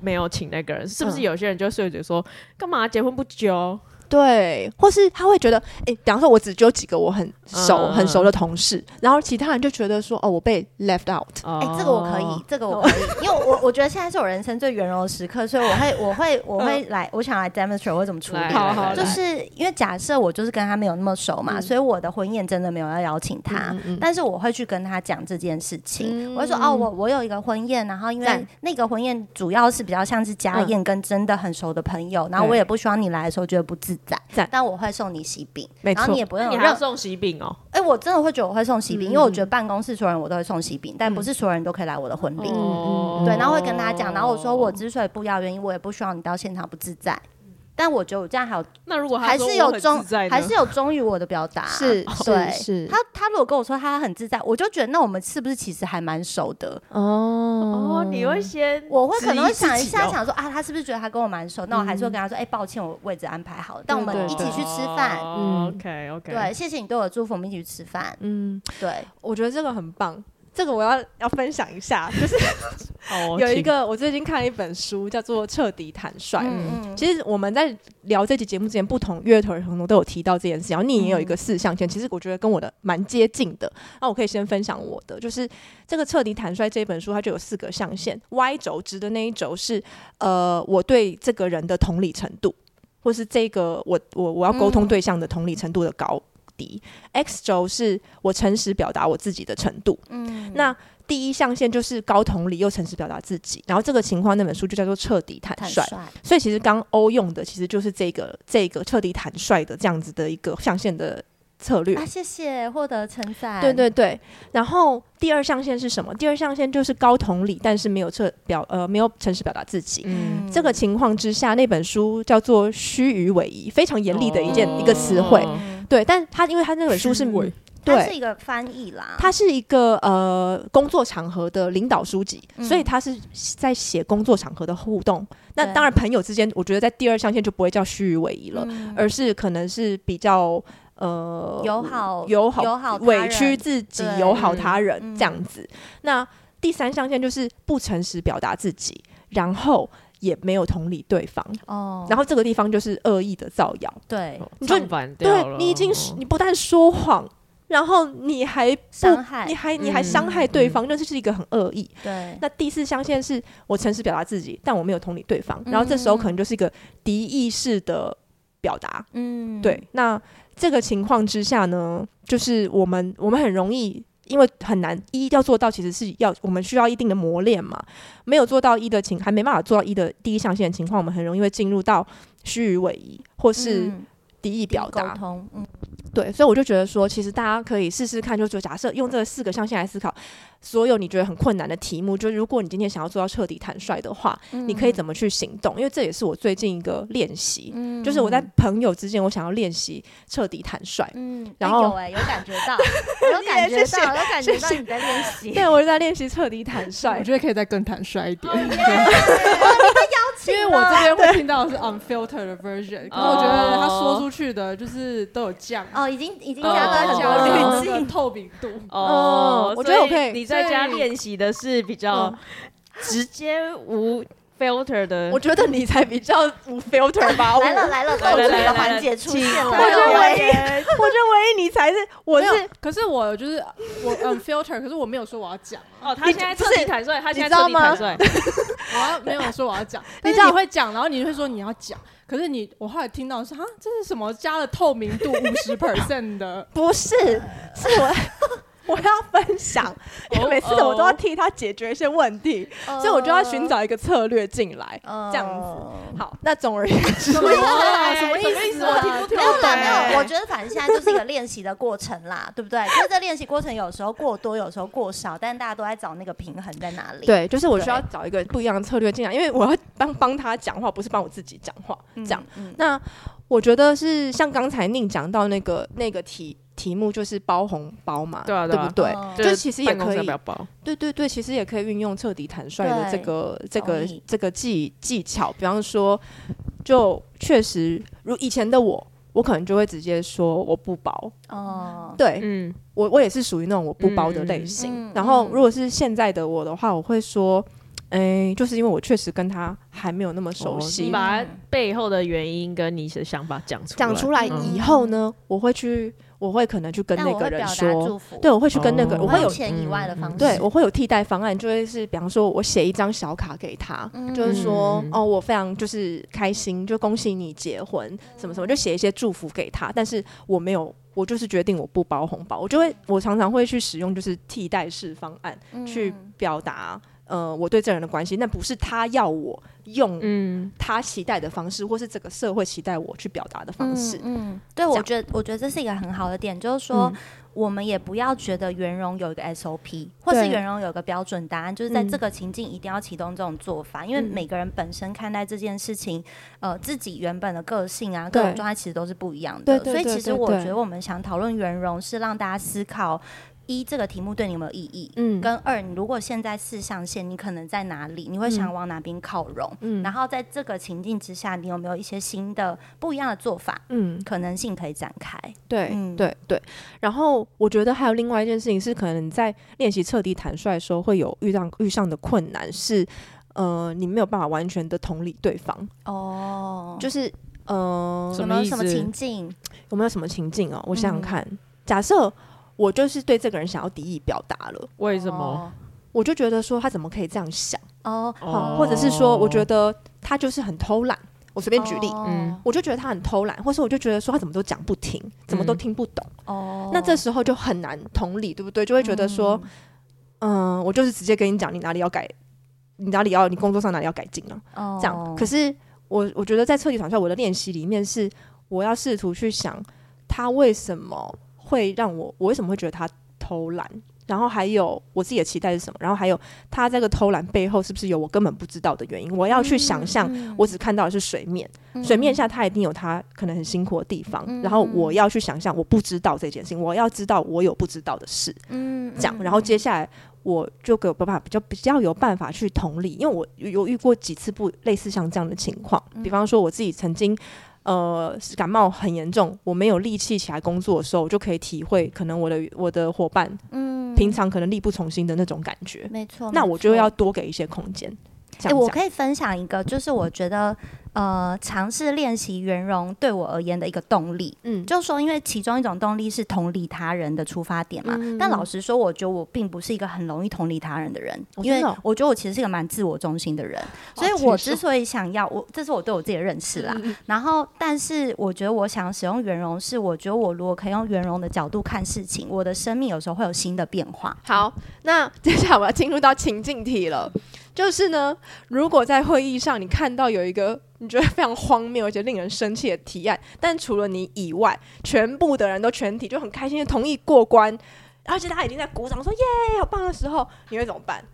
沒有請那個人，是不是有些人就會覺得說，幹嘛結婚不久？對，或是他會覺得，哎，比方說，我只有幾個我很熟、很熟的同事，然後其他人就覺得說，哦，我被 left out。哎，這個我可以，這個我可以，因為我我覺得現在是我人生最圓融的時刻，所以我會、我會、我會來，我想來 demonstrate 我會怎麼處理。就是因為假設我就是跟他沒有那麼熟嘛，所以我的婚宴真的沒有要邀請他，但是我會去跟他講這件事情，我會說，哦，我我有一個婚宴，然後因為那個婚宴主要是比較像是家宴，跟真的很熟的朋友，然後我也不希望你來的時候覺得不自。在在，讚讚但我會送你喜餅，錯然後你也不用你還要送喜餅哦。哎、欸，我真的會覺得我會送喜餅，嗯、因為我覺得辦公室所有人我都會送喜餅，嗯、但不是所有人都可以來我的婚禮。嗯嗯，對，然後會跟他講，然後我說我之所以不要原因，我也不希望你到現場不自在。但我覺得我這樣還有，那如果還是有忠，還是有忠於我的表達，是對。他，他如果跟我說他很自在，我就覺得那我們是不是其實還蠻熟的？哦哦，你會先，我會可能會想一下，想說啊，他是不是覺得他跟我蠻熟？那我還是會跟他說，哎，抱歉，我位置安排好，但我們一起去吃飯。嗯，OK OK，對，謝謝你對我的祝福，我們一起去吃飯。嗯，對，我覺得這個很棒。這個我要要分享一下，就是有一個我最近看了一本書，叫做《徹底坦率》。嗯嗯，其實我們在聊這期節目之前，不約而同都有提到這件事，然後你也有一個四象限，其實我覺得跟我的蠻接近的。那我可以先分享我的，就是這個《徹底坦率》這本書，它就有四個象限，Y 軸值的那一軸是呃，我對這個人的同理程度，或是這個我我我要溝通對象的同理程度的高。嗯嗯底 x 軸是我誠實表達我自己的程度。嗯，那第一象限就是高同理又誠實表達自己，然後這個情況，那本書就叫做徹底坦率「坦帥」。所以其實剛歐用的其實就是這個這個徹底坦率的這樣子的一個象限的策略啊。謝謝獲得稱讚。對對對。然後第二象限是什麼？第二象限就是高同理，但是沒有徹表，呃，沒有誠實表達自己。嗯，這個情況之下，那本書叫做虛與委蛇，非常嚴厲的一件，哦、一個詞彙。對，但他因為他那本書是，嗯、對，是一個翻譯啦，他是一個呃工作場合的領導書籍，嗯、所以他是在寫工作場合的互動。嗯、那當然，朋友之間，我覺得在第二象限就不會叫虛與委蛇了，嗯、而是可能是比較呃友好、友好、友好，委屈自己，嗯、友好他人這樣子。那第三象限就是不誠實表達自己，然後。也沒有同理對方，oh。然後這個地方就是惡意的造謠，對，你說就，對，你已經你不但說謊，然後你還不害你還你還傷害對方，那這、嗯、是一個很惡意。對、嗯，那第四象限是我誠實表達自己，嗯、但我沒有同理對方，然後這時候可能就是一個敵意式的表達，嗯，對，那這個情況之下呢，就是我們我們很容易。因為很難一要做到，其實是要我們需要一定的磨練嘛。沒有做到一的情，還沒辦法做到一的第一象限的情況，我們很容易會進入到虛與委蛇或是敵意表達、嗯、溝通。嗯，對，所以我就覺得說，其實大家可以試試看，就就假設，用這四個象限來思考。所有你覺得很困難的題目，就如果你今天想要做到徹底坦率的話，你可以怎麼去行動？因為這也是我最近一個練習，就是我在朋友之間，我想要練習徹底坦率。然後哎，有感覺到，有感覺到，有感覺到你在練習。對，我就在練習徹底坦率。我覺得可以再更坦率一點。因為邀請，因為我這邊會聽到的是 unfiltered version，可是我覺得他說出去的就是都有降。哦，已經已經加到很多了。透明度。哦，我覺得我可以。在家練習的是比較直接無 filter 的，我覺得你才比較無 filter 吧。來了來了，這個環節出現了。我覺得唯一，我覺得唯一你才是，我是，可是我就是我無 filter，可是我沒有說我要講哦。他現在徹底坦率，他現在徹底坦率。啊，沒有說我要講，但是你會講，然後你就會說你要講，可是你我後來聽到說啊，這是什麼加了透明度五十 percent 的？不是，是我。我要分享，因為每次我都要替他解決一些問題，oh, oh. 所以我就要尋找一個策略進來，uh, 這樣子。好，那總而言之，什麼意思？什麼意思？我聽不懂了。沒有，我覺得反正現在就是一個練習的過程啦， 對不對？因為這練習過程有時候過多，有時候過少，但大家都在找那個平衡在哪裡。對，就是我需要找一個不一樣的策略進來，因為我要幫幫他講話，不是幫我自己講話。這樣。那我覺得是像剛才寧講到那個那個題。題目就是包紅包嘛，對啊對啊，對不對？就其實也可以對對對，其實也可以運用徹底坦率的這個這個這個這個技技巧。比方說，就確實如以前的我，我可能就會直接說我不包哦，對，嗯，我我也是屬於那種我不包的類型。然後如果是現在的我的話，我會說，誒，就是因為我確實跟他還沒有那麼熟悉。你把背後的原因跟你的想法講出來講出來以後呢，我會去。我會可能去跟那個人說，對，我會去跟那個人，哦、我會有錢以外的方式，嗯、對我會有替代方案，就會是比方說，我寫一張小卡給他，嗯、就是說，嗯、哦，我非常就是開心，就恭喜你結婚，什麼什麼，就寫一些祝福給他。但是我沒有，我就是決定我不包紅包，我就會，我常常會去使用就是替代式方案、嗯、去表達。呃，我對這人的關心，那不是他要我用他期待的方式，嗯、或是這個社會期待我去表達的方式嗯。嗯，對，樣我覺得我覺得這是一個很好的點，就是說、嗯、我們也不要覺得圓融有一個 SOP，或是圓融有一個標準答案，對就是在這個情境一定要啟動這種做法，嗯、因為每個人本身看待這件事情，呃，自己原本的個性啊，對各種狀態其實都是不一樣的。對，對，對，對，對，對，對，所以其實我覺得我們想討論圓融，是讓大家思考。一，這個題目對你有沒有意義？嗯，跟二，你如果現在四象限，你可能在哪裡？你會想往哪邊靠攏、嗯？嗯，然後在這個情境之下，你有沒有一些新的不一樣的做法？嗯，可能性可以展開。對，嗯、對對。然後我覺得還有另外一件事情是，可能在練習徹底坦率的時候，會有遇到遇上的困難，是呃，你沒有辦法完全的同理對方。哦，就是呃，什麼有沒有什麼情境？有沒有什麼情境哦？我想想看，嗯、假設。我就是對這個人想要敵意表達了，為什麼？我就覺得說他怎麼可以這樣想哦，或者是說我覺得他就是很偷懶。我隨便舉例，嗯，我就覺得他很偷懶，或是我就覺得說他怎麼都講不聽，怎麼都聽不懂哦。那這時候就很難同理，對不對？就會覺得說，嗯，我就是直接跟你講，你哪裡要改，你哪裡要，你工作上哪裡要改進了。哦，這樣。可是我我覺得在徹底轉校我的練習裡面，是我要試圖去想他為什麼。會讓我，我為什麼會覺得他偷懶？然後還有我自己的期待是什麼？然後還有他這個偷懶背後是不是有我根本不知道的原因？我要去想象，我只看到的是水面，嗯、水面下他一定有他可能很辛苦的地方。嗯、然後我要去想象，我不知道這件事情，嗯、我要知道我有不知道的事，嗯，這樣。嗯、然後接下來我就有辦法，比較比較有辦法去同理，因為我有遇過幾次不類似像這樣的情況，比方說我自己曾經。呃，感冒很嚴重，我沒有力氣起來工作的時候，我就可以體會可能我的我的夥伴，嗯，平常可能力不從心的那種感覺。沒錯，那我就要多給一些空間。誒，我可以分享一個，就是我覺得，呃，嘗試練習圓融對我而言的一個動力，嗯，就說因為其中一種動力是同理他人的出發點嘛。嗯、但老實說，我覺得我並不是一個很容易同理他人的人，嗯、因為我覺得我其實是一個蠻自我中心的人。哦、所以我之所以想要，我這是我對我自己的認識啦。嗯嗯然後，但是我覺得我想使用圓融，是我覺得我如果可以用圓融的角度看事情，我的生命有時候會有新的變化。好，那接下來我要進入到情境題了。就是呢，如果在會議上你看到有一個你覺得非常荒謬而且令人生氣的提案，但除了你以外，全部的人都全體就很開心的同意過關，而且他已經在鼓掌說耶，好棒的時候，你會怎麼辦？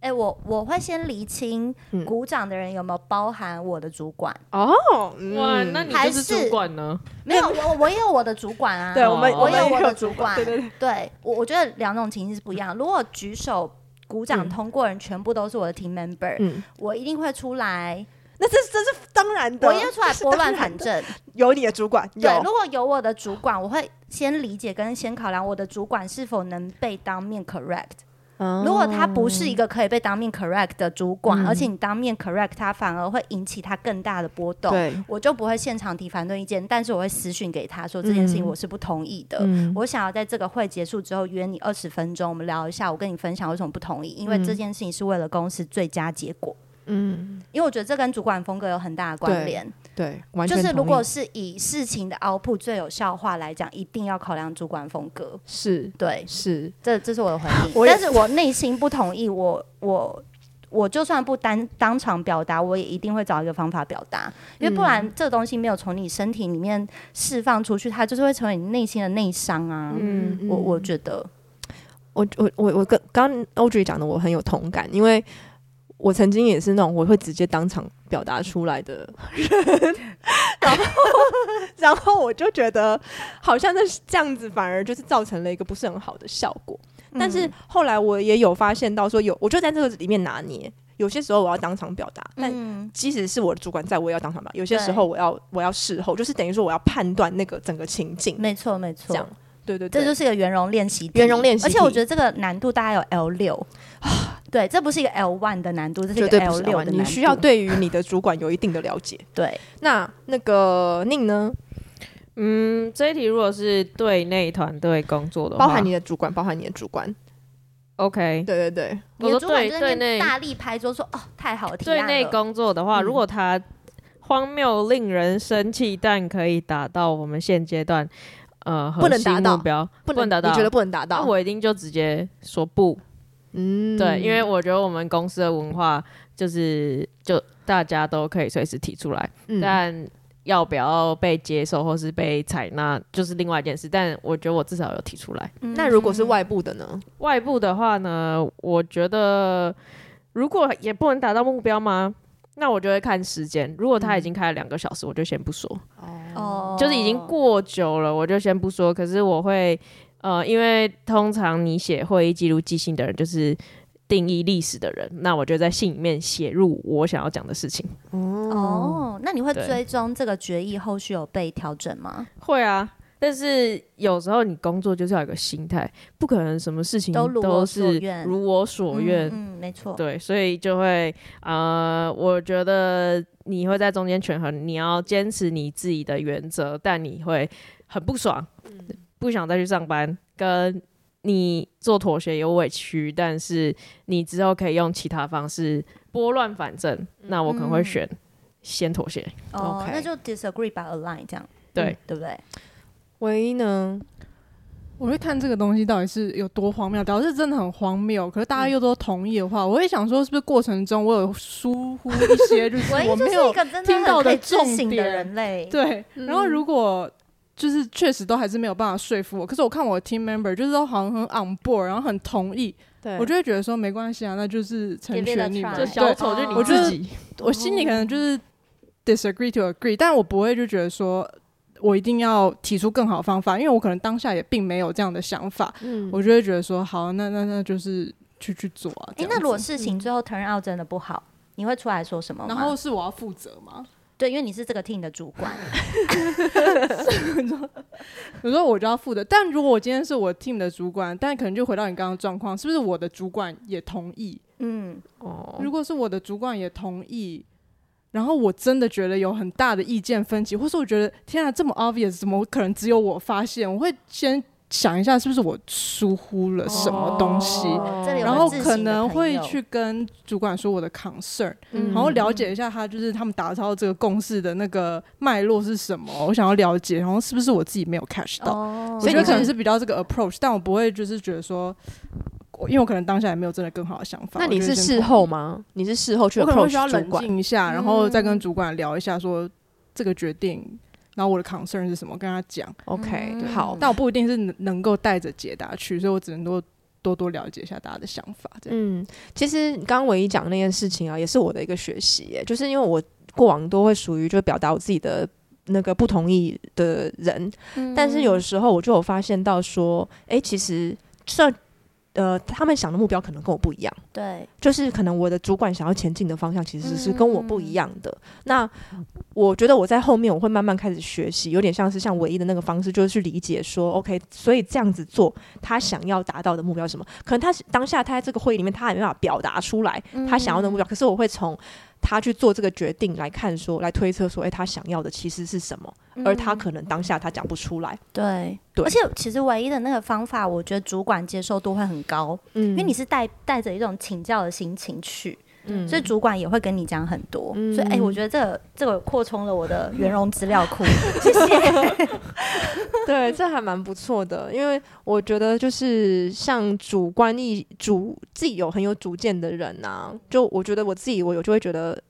哎、欸，我我會先釐清，嗯、鼓掌的人有沒有包含我的主管？哦，嗯、哇，那你就是主管呢？沒有，我我也有我的主管啊。對，我們我有我的主管。 對，對，對，對，對，我我覺得兩種情形是不一樣。如果舉手。鼓掌通過人全部都是我的 team member，嗯，我一定會出來。那這是這是當然的，我一定要出來撥亂反正。有你的主管，有，對，如果有我的主管，我會先理解跟先考量我的主管是否能被當面 correct。如果他不是一個可以被當面 correct 的主管，嗯、而且你當面 correct 他，反而會引起他更大的波動。對我就不會現場提反對意見，但是我會私訊給他說、嗯、這件事情我是不同意的。嗯、我想要在這個會結束之後約你二十分鐘，我們聊一下，我跟你分享為什麼不同意，因為這件事情是為了公司最佳結果。嗯，因為我覺得這跟主管風格有很大的關聯。對，就是如果是以事情的 output 最有效化來講，一定要考量主管風格。是，對，是，這這是我的回應。我也 但是我內心不同意，我我我就算不單當場表達，我也一定會找一個方法表達，因為不然這東西沒有從你身體裡面釋放出去，它就是會成為你內心的內傷啊。嗯，我我覺得，我我我我跟剛歐主局講的，我很有同感，因為。我曾經也是那種我會直接當場表達出來的人，嗯、 然後 然後我就覺得好像那這樣子反而就是造成了一個不是很好的效果。但是後來我也有發現到說，有我就在這個裡面拿捏，有些時候我要當場表達，但即使是我的主管在，我也要當場表達。有些時候我要我要事後，就是等於說我要判斷那個整個情境。沒錯沒錯，這對對對，這就是一個圓融練習，圓融練習。而且我覺得這個難度大概有 L 六 對，這不是一個 L one 的難度，這是一個 L 六的難度絕對不是 L one，你需要對於你的主管有一定的了解。對， 那那個寧呢？嗯，這一題如果是對內團隊工作的話，包含你的主管，包含你的主管。OK，對對對，你的主管就是大力拍桌說：“說哦，太好聽了！”對內工作的話，如果他荒謬令人生氣，嗯、但可以達到我們現階段呃不能達到核心的目標，不能達到，你覺得不能達到，那我一定就直接說不。嗯，對，因為我覺得我們公司的文化就是，就大家都可以隨時提出來，嗯、但要不要被接受或是被採納，就是另外一件事。但我覺得我至少有提出來。嗯、那如果是外部的呢、嗯嗯？外部的話呢，我覺得如果也不能達到目標嗎？那我就會看時間。如果他已經開了兩個小時，嗯、我就先不說。哦，就是已經過久了，我就先不說。可是我會。呃，因為通常你寫會議記錄、寄信的人就是定義歷史的人，那我就在信裡面寫入我想要講的事情。哦，那你會追蹤這個決議後續有被調整嗎？對，會啊，但是有時候你工作就是要有一個心態，不可能什麼事情都是如我所願。如我所願、嗯嗯，沒錯。對，所以就會呃，我覺得你會在中間權衡，你要堅持你自己的原則，但你會很不爽。嗯不想再去上班，跟你做妥協有委屈，但是你之後可以用其他方式撥亂反正，嗯、那我可能會選先妥協。哦、嗯，Okay 那就 disagree by a l i n e 這樣，對、嗯、對不對？唯一呢，我會看這個東西到底是有多荒謬。表示真的很荒謬，可是大家又都同意的話，嗯、我會想說是不是過程中我有疏忽一些？就是我沒有聽到唯一就是一個真的可以的人類。對，然後如果。就是確實都還是沒有辦法說服我，可是我看我的 team member 就是都好像很 on board，然後很同意，對我就會覺得說沒關係啊，那就是成全你們。就小丑就你自己，我心裡可能就是 disagree to agree，但我不會就覺得說我一定要提出更好方法，因為我可能當下也並沒有這樣的想法。嗯，我就會覺得說好，那那那就是去去做啊。哎，欸，那如果事情最後 turn out 真的不好，你會出來說什麼？然後是我要負責嗎？對，因為你是這個 team 的主管，我 說，說我就要負責。但如果我今天是我 team 的主管，但可能就回到你剛剛的狀況，是不是我的主管也同意？嗯，哦。如果是我的主管也同意，然後我真的覺得有很大的意見分歧，或是我覺得天啊，這麼 obvious，怎麼可能只有我發現？我會先。想一下，是不是我疏忽了什麼東西？哦、然後可能會去跟主管說我的 concern、嗯、然後了解一下他就是他們打造這個共識的那個脈絡是什麼。嗯、我想要了解，然後是不是我自己沒有 catch 到？所以你可能是比較這個 approach，但我不會就是覺得說，因為我可能當下也沒有真的更好的想法。那你是事後嗎？你是事後去 approach？我可能需要冷靜一下，然後再跟主管聊一下，說這個決定。然後我的 concern 是什麼？跟他講，OK，對好，但我不一定是能夠帶着解答去，所以我只能多多多了解一下大家的想法。這樣，嗯，其實剛剛唯一講的那件事情啊，也是我的一個學習、欸，就是因為我過往都會屬於就表達我自己的那個不同意的人，嗯、但是有時候我就有發現到說，哎、欸，其實這。呃，他們想的目標可能跟我不一樣，對，就是可能我的主管想要前進的方向其實是跟我不一樣的。嗯嗯嗯，那我覺得我在後面我會慢慢開始學習，有點像是像唯一的那個方式，就是去理解說，OK，所以這樣子做，他想要達到的目標是什麼？可能他當下他在這個會議裡面他還沒辦法表達出來他想要的目標，嗯嗯，可是我會從。他去做這個決定，來看說，來推測說，哎、欸，他想要的其實是什麼？嗯、而他可能當下他講不出來。對，對，而且其實唯一的那個方法，我覺得主管接受度會很高，嗯、因為你是帶帶着一種請教的心情去。嗯、所以主管也會跟你講很多，嗯、所以哎、欸，我覺得這個、這個擴充了我的圓融資料庫，嗯、謝謝。 對，這還蠻不錯的，因為我覺得就是像主觀意主自己有很有主見的人吶、啊，就我覺得我自己我有就會覺得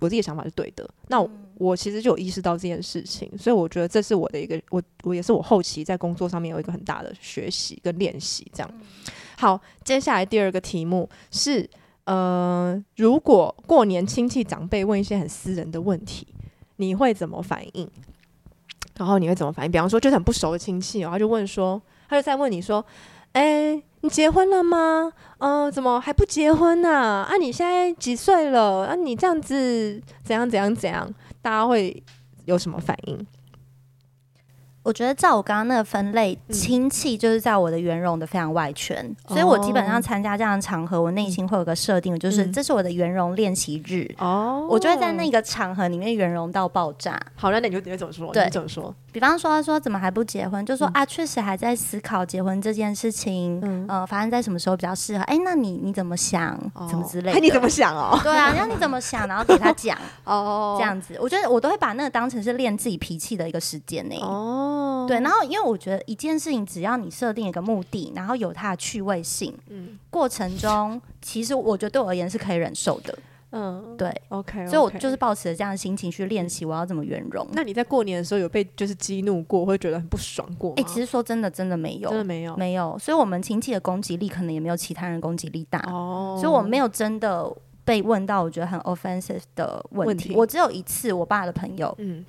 我自己的想法是對的。那我，、嗯、我其實就有意識到這件事情，所以我覺得這是我的一個，我我也是我後期在工作上面有一個很大的學習跟練習。這樣，嗯、好，接下來第二個題目是。呃，如果過年親戚長輩問一些很私人的問題，你會怎麼反應？然後你會怎麼反應？比方說，就是很不熟的親戚、哦，然後就問說，他就在問你說，哎、欸，你結婚了嗎？呃，怎麼還不結婚呢、啊？啊，你現在幾歲了？啊，你這樣子怎樣怎樣怎樣？大家會有什麼反應？我覺得照我剛剛那個分類，親戚就是在我的圓融的非常外圈，所以我基本上參加這樣的場合，我內心會有個設定，就是這是我的圓融練習日哦，我就會在那個場合裡面圓融到爆炸。好了，那你你會怎麼說？對，怎麼說？比方說說怎麼還不結婚？就說啊，確實還在思考結婚這件事情，呃，發生在什麼時候比較適合？哎，那你你怎麼想？什麼之類的？你怎麼想哦？對啊，那你怎麼想？然後給他講哦，這樣子，我覺得我都會把那個當成是練自己脾氣的一個時間呢。哦。對，然後因為我覺得一件事情，只要你設定一個目的，然後有它的趣味性，嗯，過程中其實我覺得對我而言是可以忍受的，嗯，對，OK，, okay 所以我就是抱持這樣的心情去練習，我要怎麼圓融。嗯。那你在過年的時候有被就是激怒過，會覺得很不爽過？哎、欸，其實說真的，真的沒有，真的沒有，沒有。所以，我們親戚的攻擊力可能也沒有其他人攻擊力大哦。所以，我沒有真的被問到我覺得很 offensive 的問題。問題我只有一次，我爸的朋友，嗯。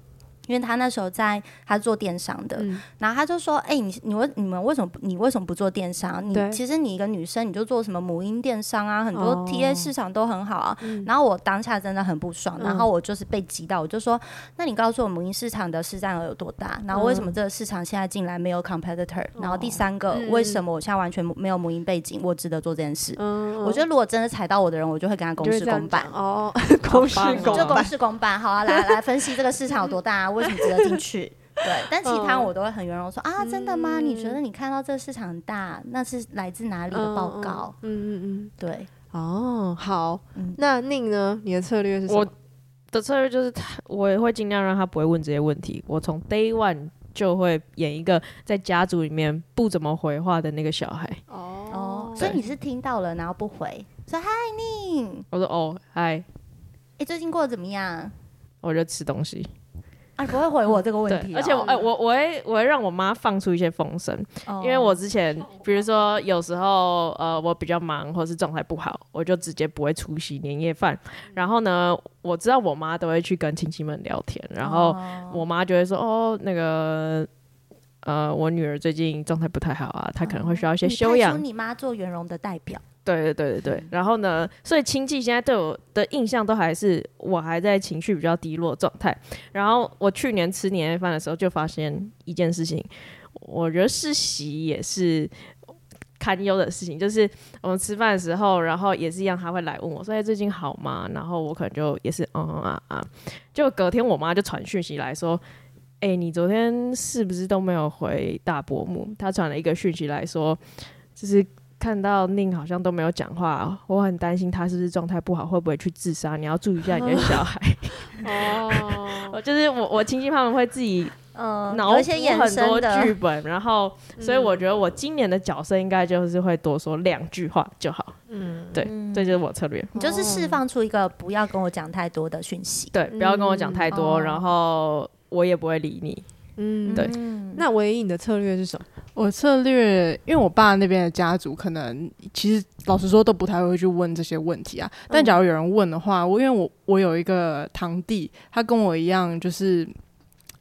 因為他那時候在，他是做電商的，嗯、然後他就說：“哎，你你為你，你們為什麼你為什麼不做電商？你對其實你一個女生，你就做什麼母嬰電商啊？很多 TA 市場都很好啊。哦，然後我當下真的很不爽，嗯，然後我就是被激到，我就說：那你告訴我母嬰市場的市占額有多大？然後為什麼這個市場現在進來沒有 competitor？、哦、然後第三個，為什麼我現在完全沒有母嬰背景，我值得做這件事？嗯嗯、我覺得如果真的踩到我的人，我就會跟他公事公辦哦，公事公就公事公辦。好啊，來來分析這個市場有多大、啊。”我直接進去，對，但其他我都會很圓融說啊，真的嗎？你覺得你看到這個市場很大，那是來自哪裡的報告？嗯嗯嗯，對，哦，好，那寧呢？你的策略是？我的策略就是，他我也會盡量讓他不會問這些問題。我從 day one 就會演一個在家族裡面不怎麼回話的那個小孩。哦哦，所以你是聽到了，然後不回，說嗨寧，我說哦嗨，哎、欸，最近過得怎麼樣？我就吃東西。哎，不會回我這個問題、喔嗯。而且哎、欸，我我會我會讓我媽放出一些風聲，哦、因為我之前，我比如說有時候呃，我比較忙或是狀態不好，我就直接不會出席年夜飯。嗯、然後呢，我知道我媽都會去跟親戚們聊天，然後我媽就會說：“哦，哦，那個呃，我女兒最近狀態不太好啊，她可能會需要一些休養。”你媽做圓融的代表。對對對對對，然後呢，所以親戚現在對我的印象都還是我還在情緒比較低落狀態。然後我去年吃年夜飯的時候，就發現一件事情，我覺得是喜也是堪憂的事情，就是我們吃飯的時候，然後也是一樣，他會來問我，說，哎，最近好嗎？然後我可能就也是啊、嗯、啊啊，就隔天我媽就傳訊息來說，哎，你昨天是不是都沒有回大伯母？她傳了一個訊息來說，就是。看到寧好像都沒有講話，我很擔心他是不是狀態不好，會不會去自殺？你要注意一下你的小孩。哦，我就是我，我親戚他們會自己呃腦補很多劇本，然後，所以我覺得我今年的角色應該就是會多說兩句話就好。嗯，對，這就是我策略。你就是釋放出一個不要跟我講太多的訊息。對，不要跟我講太多，然後我也不會理你。嗯，對。那唯一你的策略是什麼？我策略，因為我爸那邊的家族，可能其實老實說都不太會去問這些問題啊。嗯。但假如有人問的話，我因為我我有一個堂弟，他跟我一樣，就是。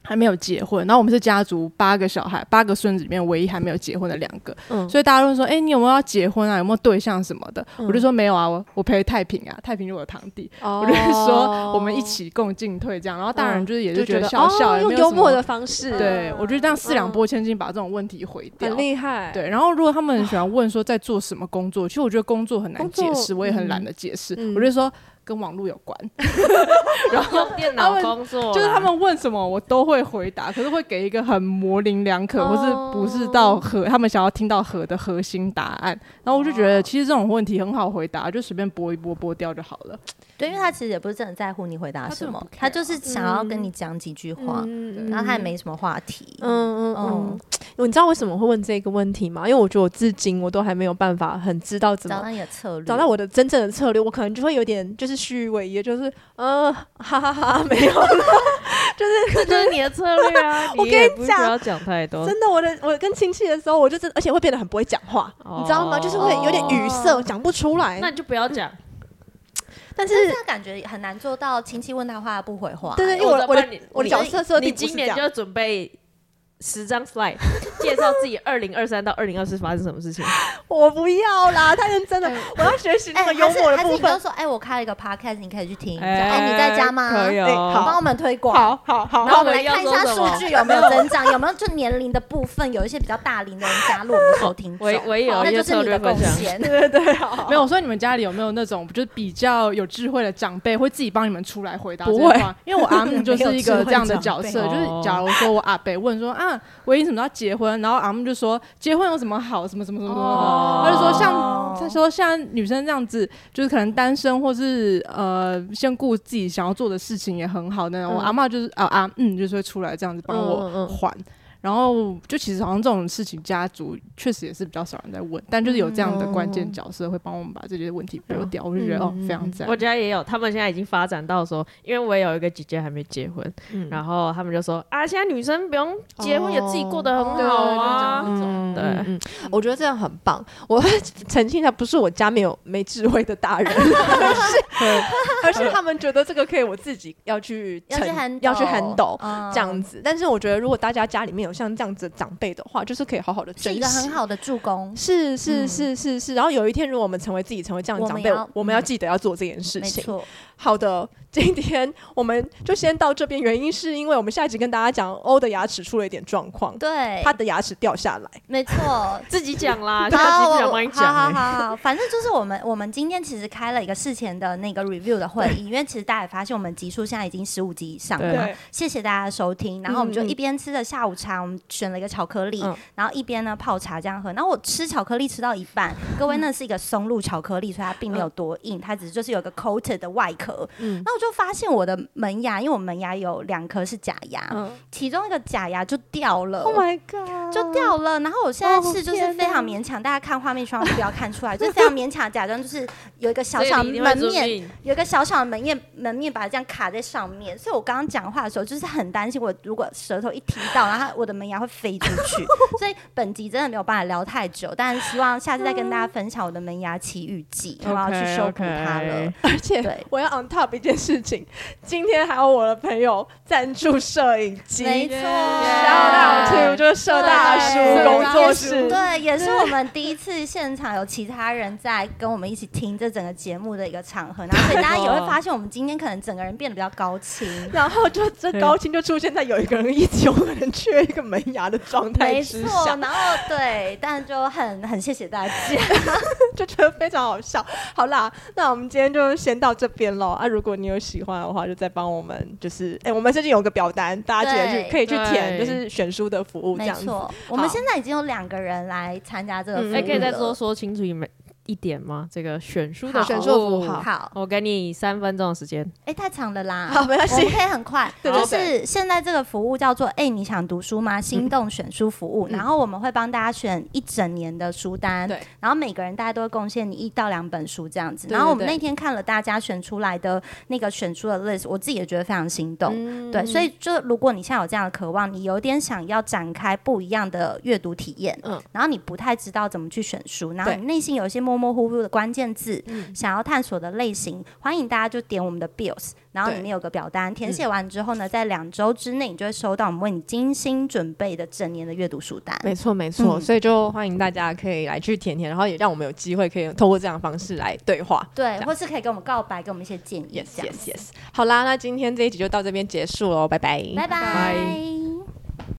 還沒有結婚，然後我們是家族八個小孩，八個孫子裡面唯一還沒有結婚的兩個，嗯、所以大家都會說，哎、欸，你有沒有要結婚啊？有沒有對象什麼的？嗯、我就說沒有啊，我我陪太平啊，太平是我堂弟，哦、我就說我們一起共進退這樣。然後大人就是也是覺得笑笑、嗯、覺得哦、用幽默的方式，對、嗯、我覺得這樣四兩撥千斤，把這種問題回答很厲害。嗯、對，然後如果他們很喜歡問說在做什麼工作，嗯、其實我覺得工作很難解釋，工作？我也很懶得解釋，嗯、我就說。跟網絡有關， 然後電腦工作，就是他們問什麼我都會回答，可是會給一個很模棱兩可，或是不是到和他們想要聽到和的核心答案。然後我就覺得其實這種問題很好回答，就隨便撥一撥撥掉就好了。 對，因為他其實也不是真的很在乎你回答什麼，他就是想要跟你講幾句話，然後他也沒什麼話題。 嗯嗯嗯。嗯你知道為什麼會問這個問題嗎？因為我覺得我至今我都還沒有辦法很知道怎麼找到你的策略，找到我的真正的策略，我可能就會有點就是虛偽，也就是嗯哈哈哈，沒有，就是這就是你的策略啊！我跟你講，不要講太多。真的，我的我跟親戚的時候，我就真而且會變得很不會講話，你知道嗎？就是會有點語塞，我講不出來。那你就不要講。但是這個感覺也很難做到，親戚問他話不回話。對對，因為我的我的我的角色設定不是這樣。你今年就準備。十張 slide，介紹自己二零二三到二零二四發生什麼事情？我不要啦，太認真了。我要學習那個幽默的部分。說，哎，我開了一個 podcast，你可以去聽一下。哎，你在家嗎？可以，好，幫我們推廣。好，好，好。然後我們來看一下數據有沒有增長，有沒有就年齡的部分，有一些比較大齡的人加入我們收聽。我，我也有，那就是你的貢獻。對對對，沒有。所以你們家裡有沒有那種就是比較有智慧的長輩，會自己幫你們出來回答？不會，因為我阿母就是一個這樣的角色。就是假如說我阿伯問說啊。我因什麼要結婚？然後阿嬤就說：“結婚有什麼好？什麼什麼什麼什麼的。哦”他就說像：“像他說像女生這樣子，就是可能單身或是呃，先顧自己想要做的事情也很好那種。”我阿嬤就是、嗯、啊啊嗯，就是會出來這樣子幫我還。嗯嗯。然後就其實好像這種事情，家族確實也是比較少人在問，但就是有這樣的關鍵角色會幫我們把這些問題撥掉，嗯、我就覺得哦，非常讚。我家也有，他們現在已經發展到說，因為我也有一個姐姐還沒結婚，嗯、然後他們就說啊，現在女生不用結婚也，哦、自己過得很好啊。哦、對，對，對，種嗯對嗯、我覺得這樣很棒。我澄清一下，不是我家沒有沒智慧的大人，而是，而是他們覺得這個可以我自己要去要去，很要去 handle、哦、這樣子。但是我覺得如果大家家裡面有，像這樣子長輩的話，就是可以好好的珍惜，一個很好的助攻，是是是是是。然後有一天，如果我們成為自己，成為這樣的長輩，我們要記得要做這件事情。沒錯。好的，今天我們就先到這邊。原因是因為我們下一集跟大家講歐的牙齒出了一點狀況，對，他的牙齒掉下來，沒錯。自己講啦，大家自己講，完就好。好好好，反正就是我們，我們今天其實開了一個事前的那個 review 的會議，因為其實大家也發現，我們集數現在已經十五集以上了。謝謝大家的收聽，然後我們就一邊吃的下午茶。我們選了一個巧克力，嗯、然後一邊呢泡茶這樣喝。然後我吃巧克力吃到一半，各位那是一個松露巧克力，所以它並沒有多硬，嗯、它只是就是有一個 coated 的外殼。嗯，那我就發現我的門牙，因為我門牙有兩顆是假牙，嗯、其中一個假牙就掉了。Oh my god，就掉了。然後我現在是就是非常勉強，oh, 大家看畫面千萬不要看出來， 就非常勉強假裝就是有一個小小的門面，一有一個小小的門面門面把它這樣卡在上面。所以我剛剛講話的時候就是很擔心，我如果舌頭一提到，然後我。的門牙會飛出去，所以本集真的沒有辦法聊太久，但是希望下次再跟大家分享我的門牙奇遇記，我要去修補它了。而且我要 on top 一件事情，今天還有我的朋友贊助攝影機，沒錯，肖就是攝大叔工作室，對，也是我們第一次現場有其他人在跟我們一起聽這整個節目的一個場合，然後所以大家也會發現我們今天可能整個人變得比較高清，然後就這高清就出現在有一個人一起，有可能缺。門牙的狀態，沒錯。然後對， 但就很很謝謝大家， 就覺得非常好笑。好啦，那我們今天就先到這邊嘍。啊，如果你有喜歡的話，就再幫我們，就是哎、欸，我們最近有個表單，大家記得去對可以去填，就是選書的服務這樣子。我們現在已經有兩個人來參加這個，還、嗯欸、可以再多說清楚一點。一點嗎？這個選書的服好選書的服務好。好，我給你三分鐘的時間。哎、欸，太長了啦！好，沒關係，我可以很快。 就是現在這個服務叫做“哎、欸，你想讀書嗎？”心動選書服務，嗯、然後我們會幫大家選一整年的書單。對、嗯，然後每個人大家都會貢獻你一到兩本書這樣子。對對對，然後我們那天看了大家選出來的那個選書的 list，我自己也覺得非常心動。嗯、對，所以就如果你現在有這樣的渴望，你有點想要展開不一樣的閱讀體驗，嗯，然後你不太知道怎麼去選書，然後你內心有些摸。模糊糊的關鍵字，嗯、想要探索的類型，歡迎大家就點我們的 Bios，然後裡面有個表單，對填寫完之後呢，在兩周之內，你就會收到我們為你精心準備的整年的閱讀書單。嗯、沒錯，沒錯，所以就歡迎大家可以來去填填，然後也讓我們有機會可以透過這樣的方式來對話，對，或是可以跟我們告白，給我們一些建議。Yes，Yes，Yes yes,。Yes. 好啦，那今天這一集就到這邊結束嘍，拜拜，拜拜 bye。